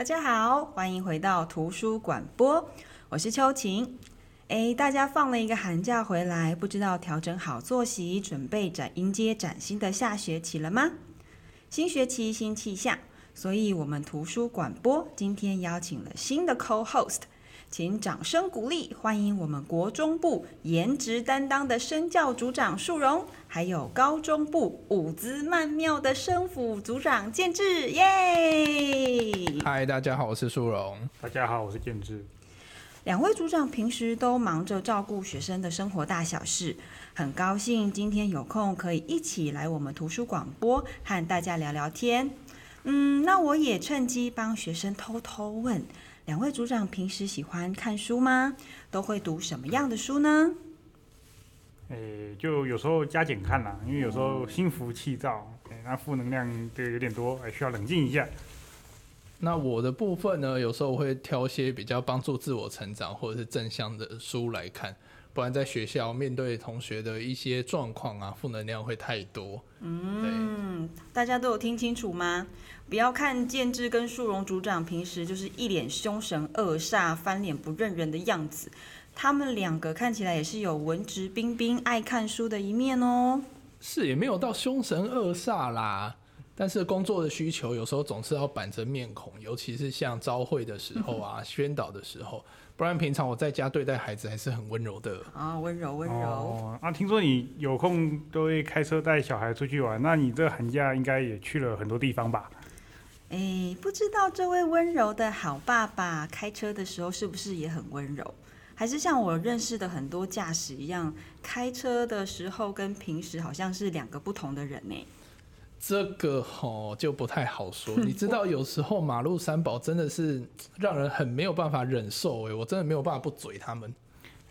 大家好，歡迎回到圖書館播，我是秋晴。誒，大家放了一個寒假回來，不知道調整好作息，準備迎接嶄新的下學期了嗎？新學期新氣象，所以我們圖書館播今天邀請了新的 co-host。請掌聲鼓勵，歡迎我們國中部顏值擔當的生教組長樹榮，還有高中部舞姿曼妙的生輔組長建智。耶！嗨，大家好，我是樹榮。大家好，我是建智。兩位組長平時都忙着照顧學生的生活大小事，很高興今天有空可以一起來我們圖書廣播和大家聊聊天。嗯，那我也趁機幫學生偷偷問。兩位組長平時喜歡看書嗎？都會讀什麼樣的書呢？誒，就有時候加減看啦，因為有時候心浮氣躁、哦，那負能量就有點多，還需要冷靜一下。那我的部分呢，有時候會挑些比較幫助自我成長或者是正向的書來看，不然在學校面對同學的一些狀況啊，負能量會太多。嗯。對大家都有聽清楚嗎？不要看建志跟樹榮組長平時就是一臉凶神惡煞、翻臉不認人的樣子，他們兩個看起來也是有文質彬彬、愛看書的一面哦、喔。是，也沒有到凶神惡煞啦。但是工作的需求有時候總是要板着面孔，尤其是像朝會的時候啊， 宣導的時候。不然平常我在家對待孩子還是很溫柔的啊，溫柔溫柔。那、哦啊、聽說你有空都會開車帶小孩出去玩，那你這寒假應該也去了很多地方吧？欸、不知道這位溫柔的好爸爸開車的時候是不是也很溫柔，還是像我認識的很多駕駛一樣，開車的時候跟平時好像是兩個不同的人呢、欸？這個哦，就不太好說。你知道，有時候馬路三寶真的是讓人很沒有辦法忍受。哎，我真的沒有辦法不嘴他們。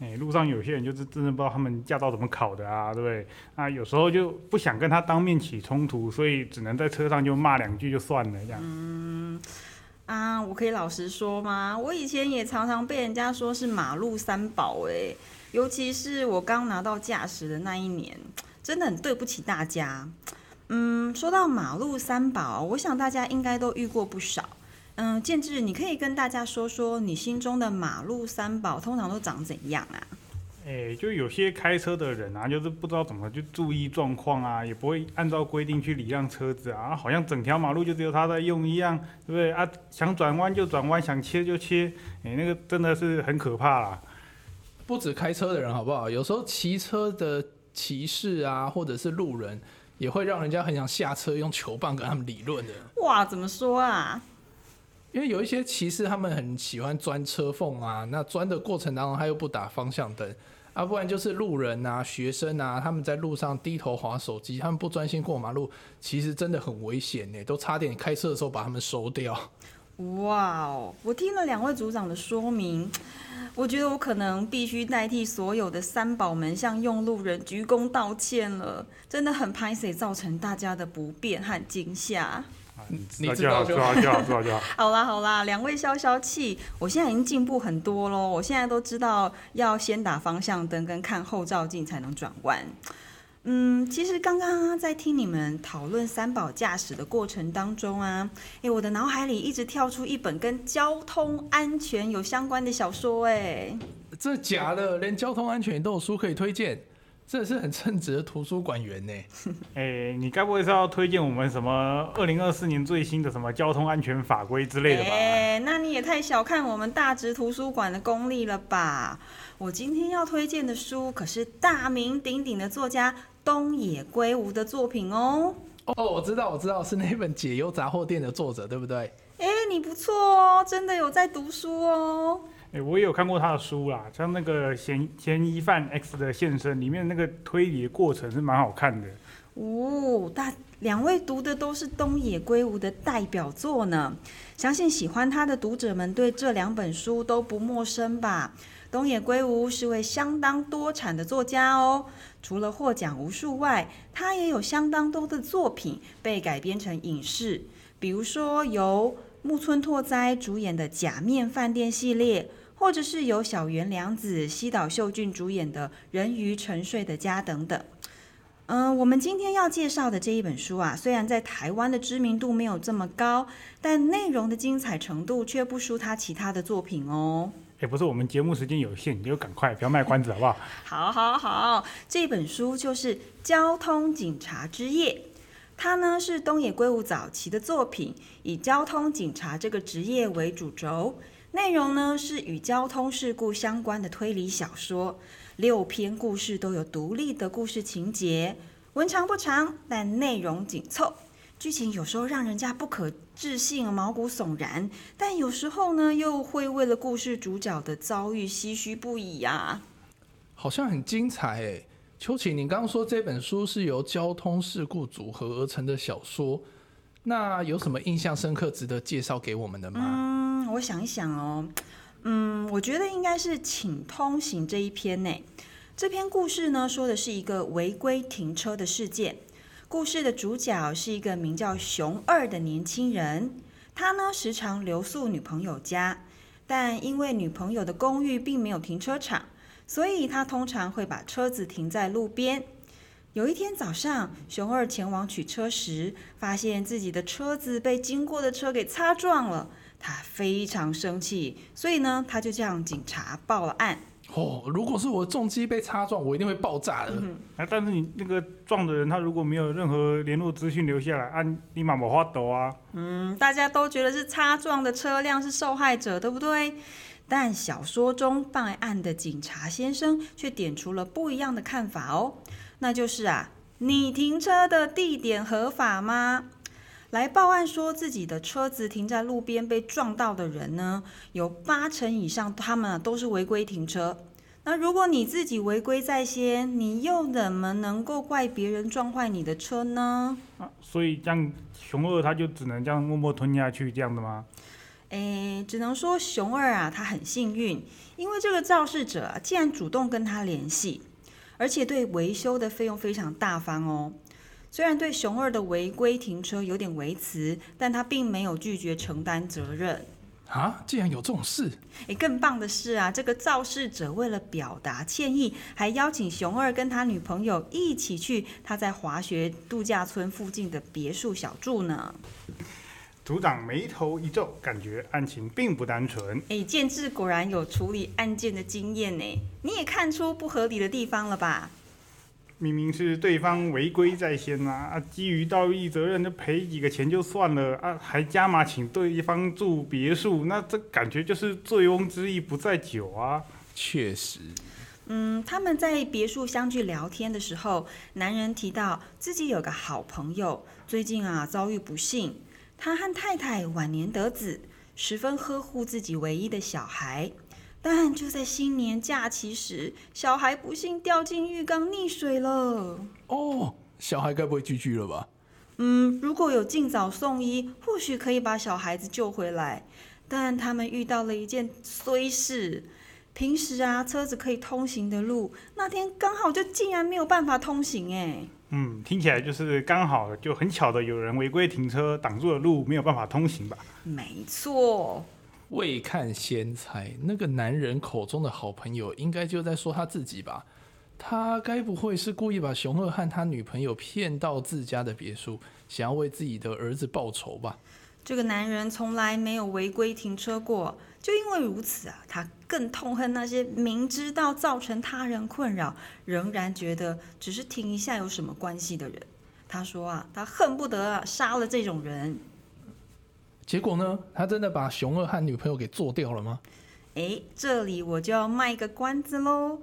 嗯。哎，路上有些人就是真的不知道他們駕照怎麼考的啊，對不對？啊？有時候就不想跟他當面起衝突，所以只能在車上就罵兩句就算了。這樣。嗯，啊，我可以老實說嗎？我以前也常常被人家說是馬路三寶。欸，哎，尤其是我剛拿到駕駛的那一年，真的很對不起大家。嗯，說到馬路三寶，我想大家應該都遇過不少。嗯，建智，你可以跟大家說說你心中的馬路三寶通常都長怎樣啊？哎、欸，就有些開車的人啊，就是不知道怎麼去注意狀況啊，也不會按照規定去禮讓車子啊，好像整條馬路就只有他在用一樣，對不對啊？想轉彎就轉彎，想切就切，哎、欸，那個真的是很可怕啦。不止開車的人好不好？有時候騎車的騎士啊，或者是路人。也會讓人家很想下車用球棒跟他們理論的。哇，怎麼說啊？因為有一些騎士，他們很喜歡鑽車縫啊。那鑽的過程當中，他又不打方向燈啊，不然就是路人啊、學生啊，他們在路上低頭滑手機，他們不專心過馬路，其實真的很危險呢，都差點開車的時候把他們收掉。哇哦！我聽了兩位組長的說明，我覺得我可能必須代替所有的三寶們向用路人鞠躬道歉了。真的很拍謝，造成大家的不便和驚嚇。你好 道 好啦好啦，兩位消消氣，我現在已經進步很多嘍。我現在都知道要先打方向燈跟看後照鏡才能轉彎。嗯，其實剛剛在聽你們討論三寶駕駛的過程當中啊，欸、我的腦海裡一直跳出一本跟交通安全有相關的小說。欸，哎，這假的，連交通安全都有書可以推薦。這是很稱職的圖書館員呢、欸。哎、 欸，你該不會是要推薦我們什麼二零二四年最新的什麼交通安全法規之類的吧？欸、那你也太小看我們大直圖書館的功力了吧？我今天要推薦的書可是大名鼎鼎的作家東野圭吾的作品哦。哦，我知道，我知道，是那本《解憂雜貨店》的作者，對不對？哎、欸，你不錯哦，真的有在讀書哦。欸、我也有看過他的書啦，像那個《嫌嫌疑犯 X 的獻身》裡面那個推理的過程是蠻好看的。哦，但兩位讀的都是東野圭吾的代表作呢，相信喜歡他的讀者們對這兩本書都不陌生吧？東野圭吾是位相當多產的作家哦，除了獲獎無數外，他也有相當多的作品被改編成影視，比如說由。木村拓哉主演的《假面飯店》系列，或者是由篠原涼子、西島秀俊主演的《人魚沉睡的家》等等。嗯，我們今天要介紹的這一本書啊，雖然在台灣的知名度沒有這麼高，但內容的精彩程度卻不輸他其他的作品哦。也、欸、不是，我們節目時間有限，你就趕快，不要賣關子好不好？ 好，好，好，這本書就是《交通警察之夜》。它呢是東野圭吾早期的作品，以交通警察這個職業為主軸，內容呢是與交通事故相關的推理小說，六篇故事都有獨立的故事情節，文長不長，但內容緊湊，劇情有時候讓人家不可置信、毛骨悚然，但有時候呢又會為了故事主角的遭遇唏噓不已啊，好像很精彩欸。秋晴，你剛剛說這本書是由交通事故組合而成的小說，那有什麼印象深刻、值得介紹給我們的嗎？嗯，我想一想哦，嗯，我覺得應該是《請通行》這一篇呢。這篇故事呢，說的是一個違規停車的事件。故事的主角是一個名叫熊二的年輕人，他呢時常留宿女朋友家，但因為女朋友的公寓並沒有停車場。所以他通常會把車子停在路邊。有一天早上，熊二前往取車時，發現自己的車子被經過的車給擦撞了，他非常生氣，所以呢，他就向警察報了案。哦，如果是我重機被擦撞，我一定會爆炸的。哎、嗯啊，但是你那個撞的人，他如果沒有任何聯絡資訊留下來，啊，你嘛無法度啊。嗯，大家都覺得是擦撞的車輛是受害者，對不對？但小說中辦案的警察先生卻點出了不一樣的看法哦，那就是啊，你停車的地點合法嗎？來報案說自己的車子停在路邊被撞到的人呢，有八成以上他們都是違規停車。那如果你自己違規在先，你又怎麼能夠怪別人撞壞你的車呢？啊、所以，這樣熊二他就只能這樣默默吞下去，這樣的嗎？誒，只能說熊二啊，他很幸運，因為這個肇事者竟然主動跟他聯繫，而且對維修的費用非常大方哦。雖然對熊二的違規停車有點微詞，但他並沒有拒絕承擔責任。啊，竟然有這種事！哎，更棒的是啊，這個肇事者為了表達歉意，還邀請熊二跟他女朋友一起去他在滑雪度假村附近的別墅小住呢。組長眉頭一皺，感覺案情並不單純。哎，建智果然有處理案件的經驗呢。你也看出不合理的地方了吧？明明是對方違規在先啊，啊，基於道義責任，就賠幾個錢就算了啊，還加碼請對方住別墅，那這感覺就是醉翁之意不在酒啊。確實，嗯，他們在別墅相聚聊天的時候，男人提到自己有個好朋友，最近啊遭遇不幸。他和太太晚年得子，十分呵護自己唯一的小孩，但就在新年假期時，小孩不幸掉進浴缸溺水了。哦，小孩該不會去世了吧？嗯，如果有盡早送醫，或許可以把小孩子救回來。但他們遇到了一件衰事，平時啊車子可以通行的路，那天剛好就竟然沒有辦法通行哎、欸。嗯，聽起來就是剛好就很巧的有人違規停車擋住了路，沒有辦法通行吧？沒錯，未看先猜，那個男人口中的好朋友應該就在說他自己吧？他該不會是故意把熊二和他女朋友騙到自家的別墅，想要為自己的兒子報仇吧？這個男人從來沒有違規停車過，就因為如此啊，他更痛恨那些明知道造成他人困擾，仍然覺得只是停一下有什麼關係的人。他說啊，他恨不得啊殺了這種人。結果呢？他真的把熊二和女朋友給做掉了嗎？誒，這裡我就要賣個關子嘍。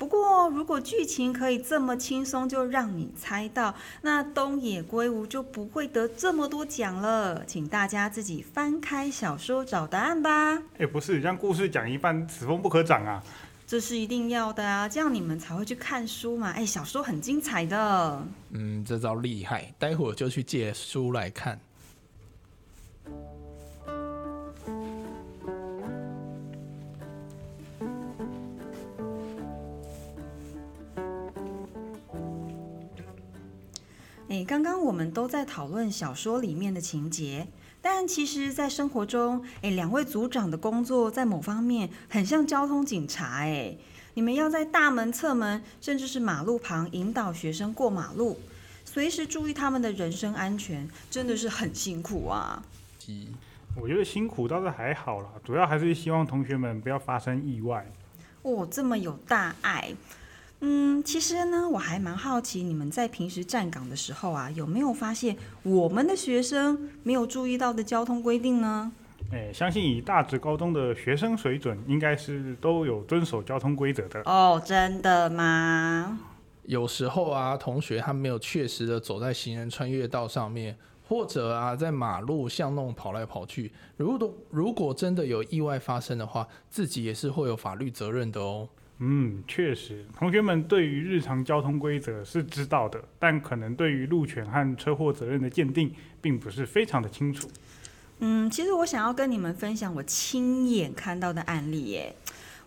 不過，如果劇情可以這麼輕鬆就讓你猜到，那東野圭吾就不會得這麼多獎了。請大家自己翻開小說找答案吧。哎，不是，讓故事講一半，此風不可長啊！這是一定要的啊，這樣你們才會去看書嘛。哎，小說很精彩的。嗯，這招厲害，待會兒就去借書來看。誒，剛剛我們都在討論小說裡面的情節，但其實，在生活中，誒，兩位組長的工作在某方面很像交通警察，哎，你們要在大門、側門，甚至是馬路旁引導學生過馬路，隨時注意他們的人身安全，真的是很辛苦啊。嗯，我覺得辛苦倒是還好啦，主要還是希望同學們不要發生意外。哦，這麼有大愛。嗯，其實呢，我還蠻好奇，你們在平時站崗的時候啊，有沒有發現我們的學生沒有注意到的交通規定呢？誒，相信以大直高中的學生水準，應該是都有遵守交通規則的哦。真的嗎？有時候啊，同學他沒有確實的走在行人穿越道上面，或者啊，在馬路巷弄跑來跑去，如果如果真的有意外發生的話，自己也是會有法律責任的哦。嗯，確實，同學們對於日常交通規則是知道的，但可能對於路權和車禍責任的鑑定，並不是非常的清楚。嗯，其實我想要跟你們分享我親眼看到的案例耶。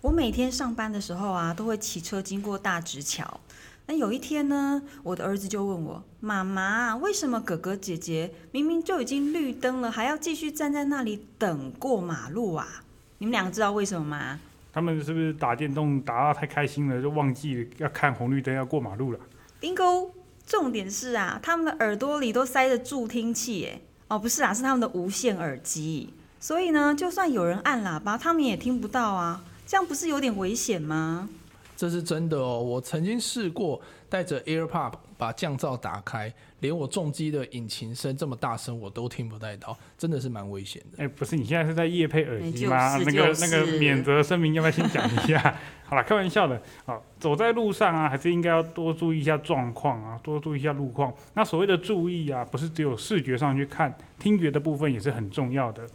我每天上班的時候啊，都會騎車經過大直橋。那有一天呢，我的兒子就問我，媽媽，為什麼哥哥姐姐明明就已經綠燈了，還要繼續站在那裡等過馬路啊？你們兩個知道為什麼嗎？他們是不是打電動打得太開心了，就忘記要看紅綠燈要過馬路了？Bingo，重點是啊，他們的耳朵裡都塞着助聽器，哎，哦，不是啊，是他們的無線耳機，所以呢，就算有人按喇叭，他們也聽不到啊，這樣不是有點危險嗎？這是真的哦，我曾經試過帶着 AirPod。把降噪打開，連我重機的引擎聲這麼大聲，我都聽不太到，真的是蠻危險的。哎、欸，不是，你現在是在業配耳機嗎、欸就是？那個、就是、那個免責聲明要不要先講一下？ 好了，開玩笑的。好，走在路上啊，還是應該要多注意一下狀況啊，多注意一下路況。那所謂的注意啊，不是只有視覺上去看，聽覺的部分也是很重要的。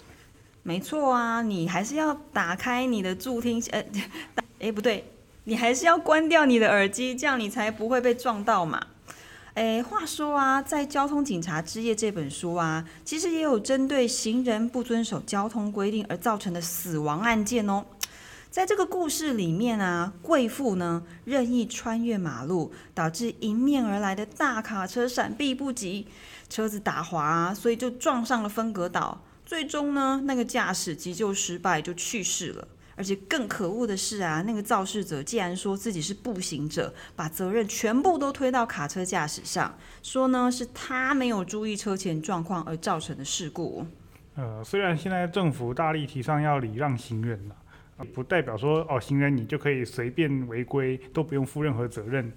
沒錯啊，你還是要打開你的助聽器，呃，哎、欸，不對，你還是要關掉你的耳機，這樣你才不會被撞到嘛。哎，話說啊，在《交通警察之夜》這本書啊，其實也有針對行人不遵守交通規定而造成的死亡案件哦。在這個故事裡面啊，貴婦呢，任意穿越馬路，導致迎面而來的大卡車閃避不及，車子打滑，所以就撞上了分隔島，最終呢，那個駕駛急救失敗就去世了。而且更可惡的是啊，那個肇事者竟然說自己是步行者，把責任全部都推到卡車駕駛上，說呢是他沒有注意車前狀況而造成的事故。呃，雖然現在政府大力提倡要禮讓行人了啊，不代表說哦，行人你就可以隨便違規都不用負任何責任。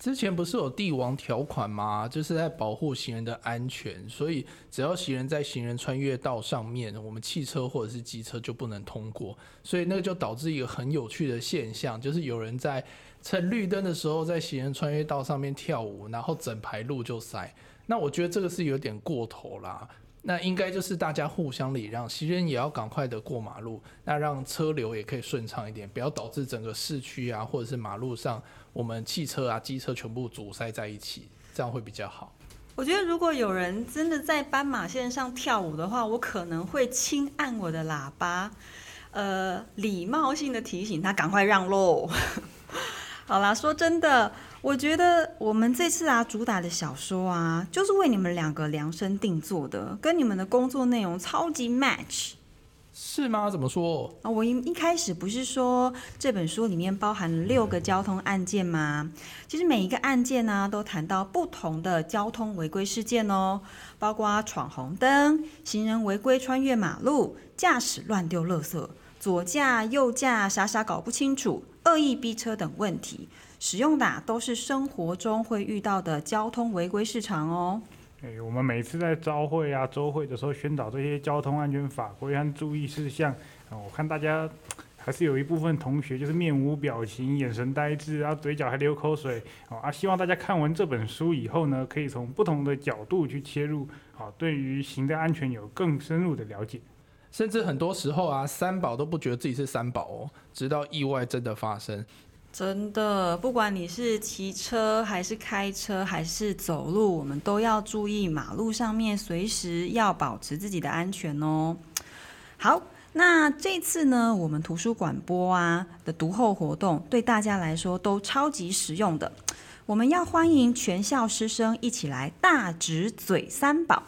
之前不是有帝王條款嗎？就是在保護行人的安全，所以只要行人在行人穿越道上面，我們汽車或者是機車就不能通過。所以那個就導致一個很有趣的現象，就是有人在趁綠燈的時候在行人穿越道上面跳舞，然後整排路就塞。那我覺得這個是有點過頭啦。那應該就是大家互相禮讓，行人也要趕快的過馬路，那讓車流也可以順暢一點，不要導致整個市區啊，或者是馬路上我們汽車啊、機車全部阻塞在一起，這樣會比較好。我覺得如果有人真的在斑馬線上跳舞的話，我可能會輕按我的喇叭，呃，禮貌性的提醒他趕快讓路。 好啦，說真的，我覺得我們這次啊主打的小說啊，就是為你們兩個量身定做的，跟你們的工作內容超級 match。是嗎？怎麼說？啊，我一一開始不是說這本書裡面包含了六個交通案件嗎？其實每一個案件呢、啊，都談到不同的交通違規事件哦，包括闖紅燈、行人違規穿越馬路、駕駛亂丟垃圾、左駕右駕傻傻傻搞不清楚。惡意逼車等問題，使用的都是生活中會遇到的交通違規事例哦。誒、欸，我們每次在朝會啊、週會的時候宣導這些交通安全法規和注意事項，我、哦、看大家還是有一部分同學就是面無表情、眼神呆滯，然、啊、後嘴角還流口水、哦。啊，希望大家看完這本書以後呢，可以從不同的角度去切入，好、哦，對於行車安全有更深入的了解。甚至很多時候啊，三寶都不覺得自己是三寶哦，直到意外真的發生。真的，不管你是騎車還是開車還是走路，我們都要注意馬路上面，隨時要保持自己的安全哦。好，那這次呢，我們圖書館播啊的讀後活動，對大家來說都超級實用的。我們要歡迎全校師生一起來大直嘴三寶。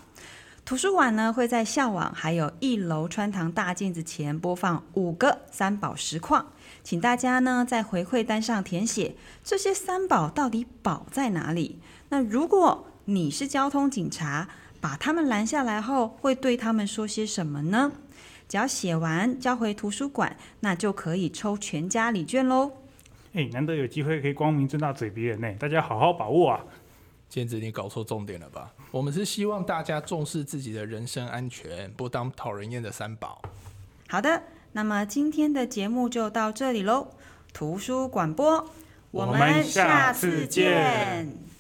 圖書館呢會在校網，還有一樓穿堂大鏡子前播放五個三寶實況，請大家呢在回饋單上填寫這些三寶到底寶在哪裡。那如果你是交通警察，把他們攔下來後，會對他們說些什麼呢？只要寫完交回圖書館，那就可以抽全家禮券嘍。誒，難得有機會可以光明正大嘴別人呢，大家好好把握啊！簡直你搞錯重點了吧？我們是希望大家重視自己的人身安全，不當討人厭的三寶。好的，那麼今天的節目就到這裡嘍，圖書廣播，我們下次見。